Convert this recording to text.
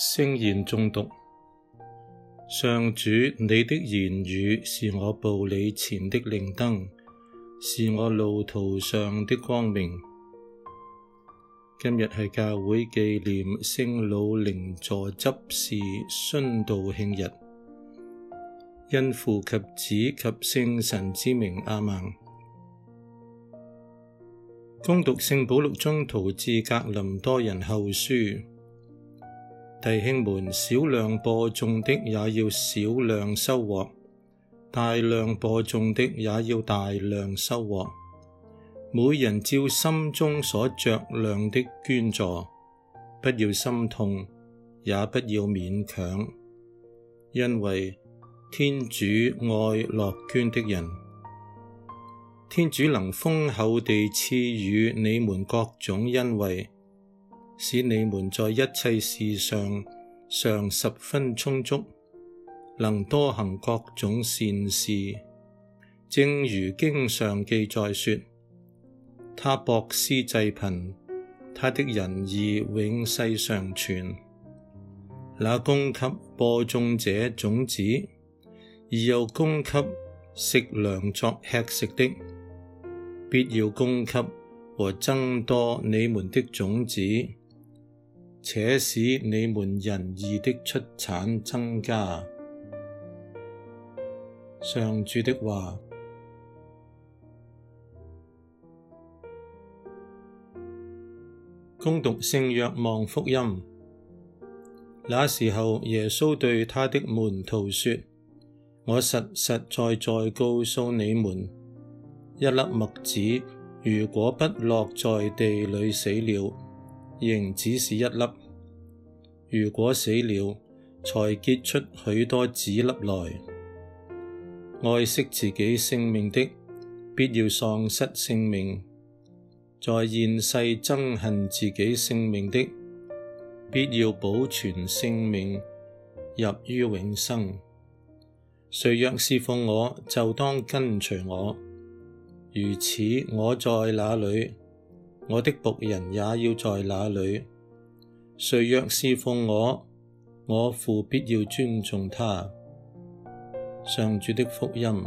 聖言中讀，上主，你的言語是我步履前的靈燈，是我路途上的光明。今日係教會紀念聖老楞佐執事殉道慶日，因父及子及聖神之名亞孟。恭讀聖保祿宗徒致格林多人後書，弟兄們：小量播種的也要小量收穫，大量播種的也要大量收穫。每人照心中所酌量的捐助，不要心痛，也不要勉強，因為天主愛樂捐的人，天主能豐厚地賜予你們各種恩惠，使你們在一切事上常十分充足，能多行各種善事。正如經上記載說。他博施濟貧，他的仁義永世常存。那供給播種者種子，而又供給食糧作吃食的，必要供給和增多你們的種子，且使你們仁義的出產增加。上主的話。恭讀聖若望福音。那時候，耶穌對他的門徒說：我實實在在告訴你們，一粒麥子如果不落在地裏死了，仍只是一粒；如果死了，才結出許多子粒來。愛惜自己性命的，必要喪失性命。在現世憎恨自己性命的，必要保存性命入於永生。誰若事奉我，就當跟隨我。如此，我在那裏，我的僕人也要在那裏。誰若事奉我，我父必要尊重他。上主的福音。